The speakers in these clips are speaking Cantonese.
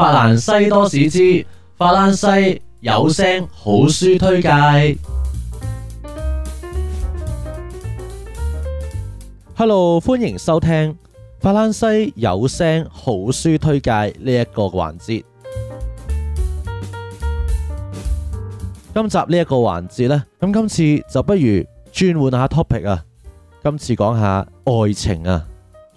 法蘭西多士之法蘭西有聲好書推介，Hello，歡迎收聽法蘭西有聲好書推介呢一個環節。今集呢一個環節呢，咁今次就不如轉換下 topic 啊，今次講下愛情啊。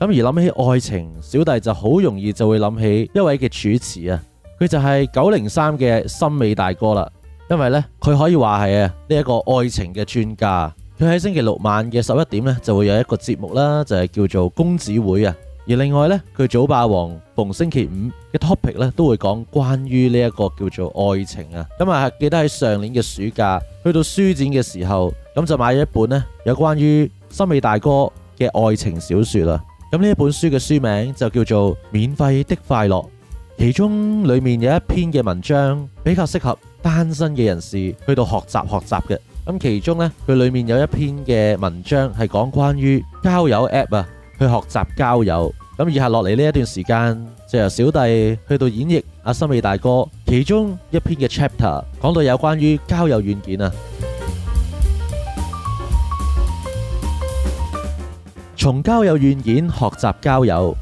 咁而諗起愛情，小弟就好容易就會諗起一位嘅主持啊。佢就係九零三嘅森美大哥啦。因為呢，佢可以話係啊呢一個愛情嘅專家。佢喺星期六晚嘅十一點呢，就會有一個節目啦，就係叫做公子會啊。而另外呢，佢早霸王逢星期五嘅 topic 呢，都會講關於呢一個叫做愛情啊。咁啊，記得喺上年嘅暑假去到書展嘅時候，咁就買咗一本呢，有關於森美大哥嘅愛情小說啊。咁呢一本書嘅書名就叫做《免費的快樂》，其中裏面有一篇嘅文章比較適合單身嘅人士去到學習學習嘅。咁其中呢，佢裏面有一篇嘅文章係講關於交友 App 啊，去學習交友。咁以下落嚟呢一段時間，就由小弟去到演繹阿森美大哥其中一篇嘅 chapter，講到有關於交友軟件啊。從交友軟件學習交友。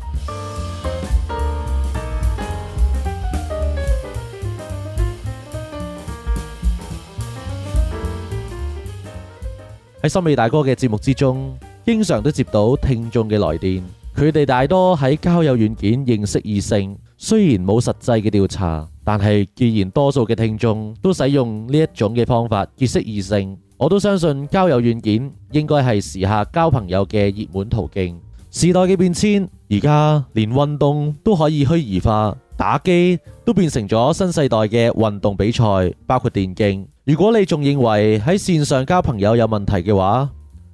喺森美大哥嘅節目之中，經常都接到聽眾嘅來電，佢哋大多喺交友軟件認識異性。雖然冇實際嘅調查，但係既然多數嘅聽眾都使用呢一種嘅方法結識異性。我都相信交友軟件應該係時下交朋友嘅熱門途徑。時代嘅變遷，而家連運動都可以虛擬化，打機都變成咗新世代嘅運動比賽，包括電競。如果你仲認為喺線上交朋友有問題嘅話，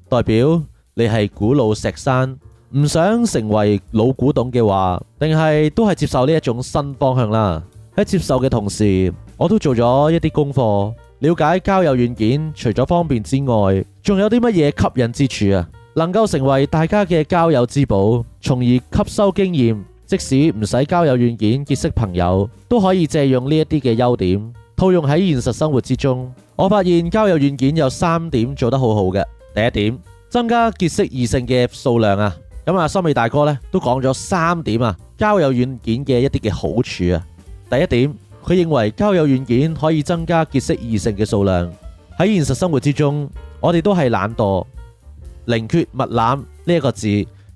代表你係古老石山，唔想成為老古董嘅話，定係都係接受呢一種新方向啦。喺接受嘅同時，我都做咗一啲功課。了解交友軟件，除咗方便之外，仲有啲乜嘢吸引之處啊？能夠成為大家嘅交友之寶，從而吸收經驗。即使唔使交友軟件結識朋友，都可以借用呢一啲嘅優點，套用喺現實生活之中。我發現交友軟件有三點做得好好嘅。第一點，增加結識異性嘅數量啊。咁啊，森美大哥呢都講咗三點啊，交友軟件嘅一啲嘅好處啊。第一點。佢認為交友軟件可以增加結識異性嘅數量。喺現實生活之中，我哋都係懶惰，寧缺勿懶呢一個字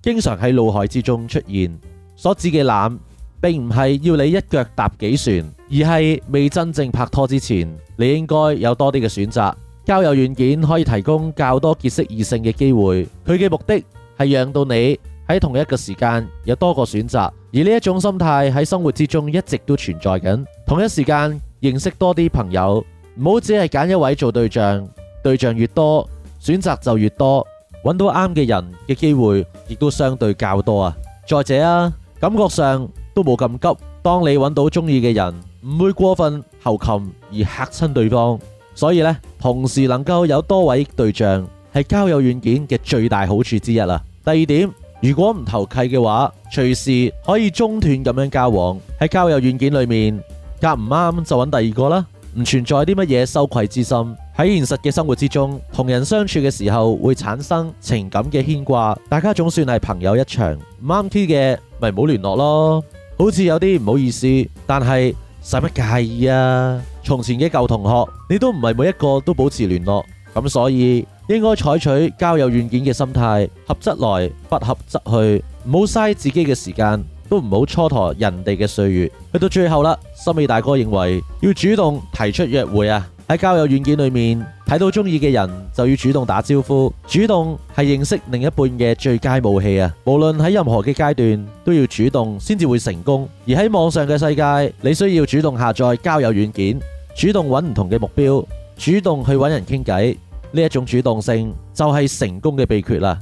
經常喺腦海之中出現。所指嘅懶，並唔係要你一腳踏幾船，而係未真正拍拖之前，你應該有多啲嘅選擇。交友軟件可以提供較多結識異性嘅機會。佢嘅目的係讓到你。喺同一個時間有多個選擇，而呢一種心態喺生活之中一直都存在緊。同一時間認識多啲朋友，唔好只係揀一位做對象。對象越多，選擇就越多，揾到啱嘅人嘅機會亦都相對較多啊。再者啊，感覺上都冇咁急。當你揾到中意嘅人，唔會過分猴擒而嚇親對方。所以呢，同時能夠有多位對象係交友軟件嘅最大好處之一啦。第二點。如果唔投契嘅話，隨時可以中斷咁樣交往。喺交友軟件裏面，夾唔啱就揾第二個啦。唔存在啲乜嘢羞愧之心。喺現實嘅生活之中，同人相處嘅時候會產生情感嘅牽掛。大家總算係朋友一場，唔啱 key 嘅咪唔好聯絡咯。好似有啲唔好意思，但係使乜介意啊？從前嘅舊同學，你都唔係每一個都保持聯絡，咁所以。應該採取交友軟件嘅心態，合則來，不合則去，唔好嘥自己嘅時間，都唔好蹉跎人哋嘅歲月。去到最後啦，森美大哥認為要主動提出約會啊，喺交友軟件裏面睇到中意嘅人就要主動打招呼，主動係認識另一半嘅最佳武器啊！無論喺任何嘅階段都要主動先至會成功，而喺網上嘅世界，你需要主動下載交友軟件，主動揾唔同嘅目標，主動去揾人傾偈。呢一種主動性就係成功嘅秘訣啦。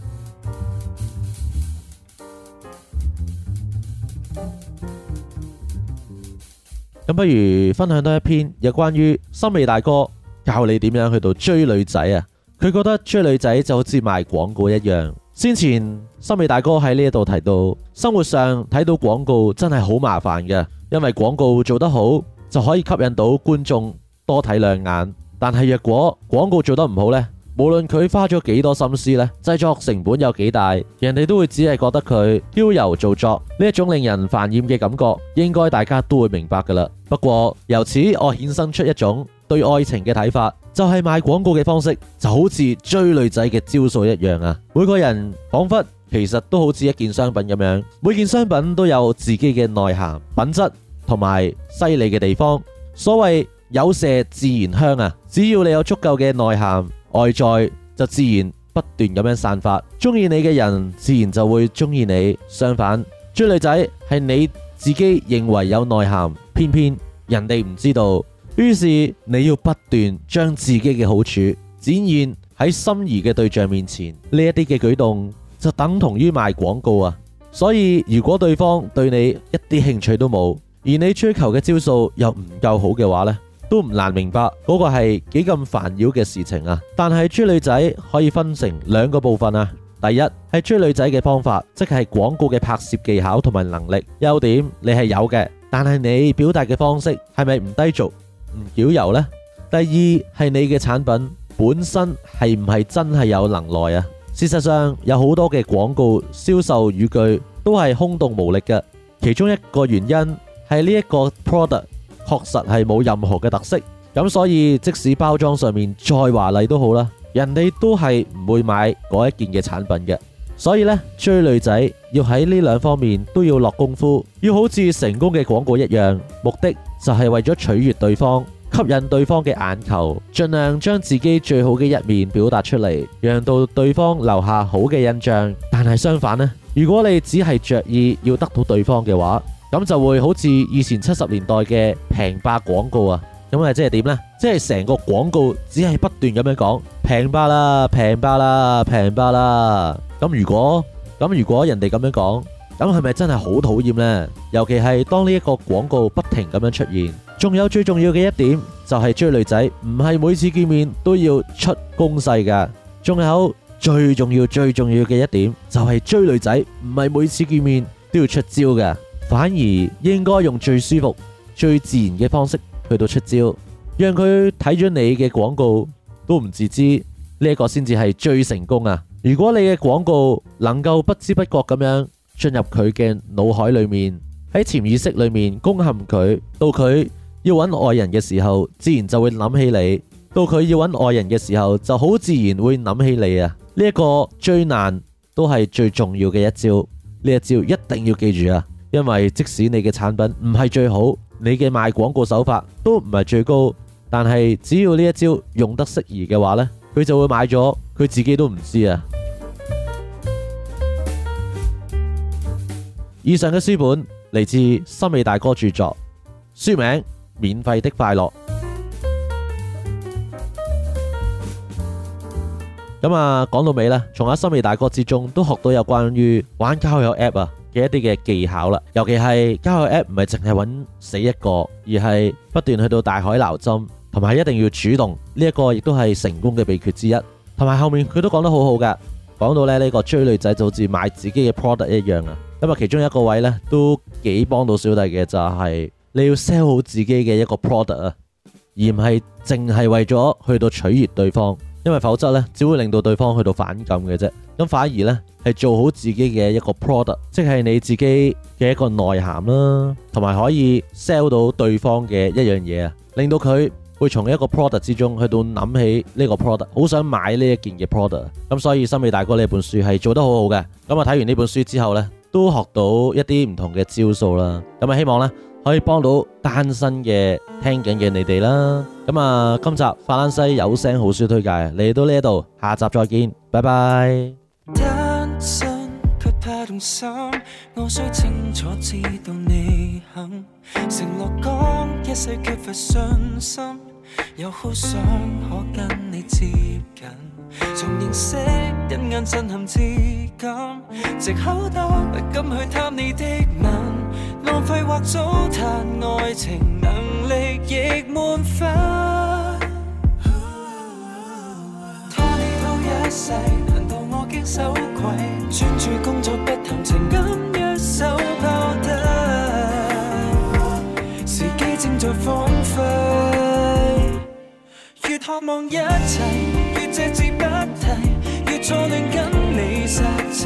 咁不如分享多一篇有關於森美大哥教你點樣去到追女仔啊。佢覺得追女仔就好似賣廣告一樣。先前森美大哥喺呢一度提到，生活上睇到廣告真係好麻煩嘅，因為廣告做得好就可以吸引到觀眾多睇兩眼。但係，若果廣告做得唔好呢，無論佢花咗幾多心思咧，製作成本有幾大，人哋都會只係覺得佢嬌柔造作，呢一種令人煩厭嘅感覺，應該大家都會明白噶啦。不過由此，我衍生出一種對愛情嘅睇法，就係、是、賣廣告嘅方式就好似追女仔嘅招數一樣啊！每個人仿佛其實都好似一件商品咁樣，每件商品都有自己嘅內涵、品質同埋犀利嘅地方。所謂有麝自然香啊！只要你有足夠嘅內涵，外在就自然不斷咁樣散發。中意你嘅人自然就會中意你。相反，追女仔係你自己認為有內涵，偏偏人哋唔知道。於是你要不斷將自己嘅好處展現喺心儀嘅對象面前。呢一啲嘅舉動就等同於賣廣告啊！所以如果對方對你一啲興趣都冇，而你追求嘅招數又唔夠好嘅話呢，都唔難明白嗰個係幾咁煩擾嘅事情啊！但係追女仔可以分成兩個部分啊。第一係追女仔嘅方法，即係廣告嘅拍攝技巧同埋能力優點，你係有嘅。但係你表達嘅方式係咪唔低俗、唔矯揉呢？第二係你嘅產品本身係唔係真係有能耐啊？事實上，有好多嘅廣告銷售語句都係空洞無力嘅。其中一個原因係呢一個 product。確實係冇任何嘅特色，咁所以即使包裝上面再華麗都好啦，人哋都係唔會買嗰一件嘅產品嘅。所以呢，追女仔要喺呢兩方面都要落功夫，要好似成功嘅廣告一樣，目的就係為咗取悦對方，吸引對方嘅眼球，盡量將自己最好嘅一面表達出嚟，讓到對方留下好嘅印象。但係相反呢，如果你只係著意要得到對方嘅話，咁就會好似以前七十年代嘅平霸廣告啊，咁啊即係點呢？即係成個廣告只係不斷咁樣講平霸啦、平霸啦、平霸啦。咁如果咁如果人哋咁樣講，咁係咪真係好討厭呢？尤其係當呢一個廣告不停咁樣出現，仲有最重要嘅一點就係追女仔唔係每次見面都要出攻勢㗎。仲有最重要最重要嘅一點就係追女仔唔係每次見面都要出招㗎。反而應該用最舒服、最自然嘅方式去到出招，讓佢睇咗你嘅廣告都唔自知呢一個先至係最成功啊！如果你嘅廣告能夠不知不覺咁樣進入佢嘅腦海裏面，喺潛意識裏面攻陷佢，到佢要揾愛人嘅時候，自然就會諗起你；到佢要揾愛人嘅時候，就好自然會諗起你啊！呢一個最難都係最重要嘅一招，呢一招一定要記住啊！因為即使你嘅產品唔係最好，你嘅賣廣告手法都唔係最高，但係只要呢一招用得適宜嘅話呢，佢就會買咗，佢自己都唔知啊。 以上嘅書本嚟自森美大哥著作，書名《免費的快樂》。咁 啊樂，講到尾呢，從阿森美大哥之中都學到有關於玩交友 app 啊。嘅一啲嘅技巧啦，尤其係交友 App 唔係淨係揾死一個，而係不斷去到大海撈針，同埋一定要主動，呢一個亦都係成功嘅秘訣之一。同埋後面佢都講得好好噶，講到咧呢個追女仔就好似買自己嘅 product 一樣啊。因為其中一個位呢，都幾幫到小弟嘅就係你要 sell 好自己嘅一個 product 啊，而唔係淨係為咗去到取悅對方，因為否則呢，只會令到對方去到反感嘅啫。咁反而咧係做好自己嘅一個 product，即係你自己嘅一個內涵啦，同埋可以 sell 到對方嘅一樣嘢啊，令到佢會從一個 product 之中去到諗起呢個 product，好想買呢一件嘅 product。咁所以森美大哥呢本書係做得好好嘅。咁啊，睇完呢本書之後咧，都學到一啲唔同嘅招數啦。咁啊，希望咧可以幫到單身嘅聽緊嘅你哋啦。咁啊，今集法蘭西有聲好書推介嚟到呢一度，下集再見，拜拜。心，我雖清楚知道你肯承諾，講一世缺乏信心，又好想可跟你接近，從認識一眼震撼至今，借口多不敢去貪你的吻，浪費或糟蹋愛情，能力亦滿分。 多你多一世。專注工作不，不談情感，一手拋低時機正在荒廢。越渴望一切，越隻字不提，越錯亂跟你失勢。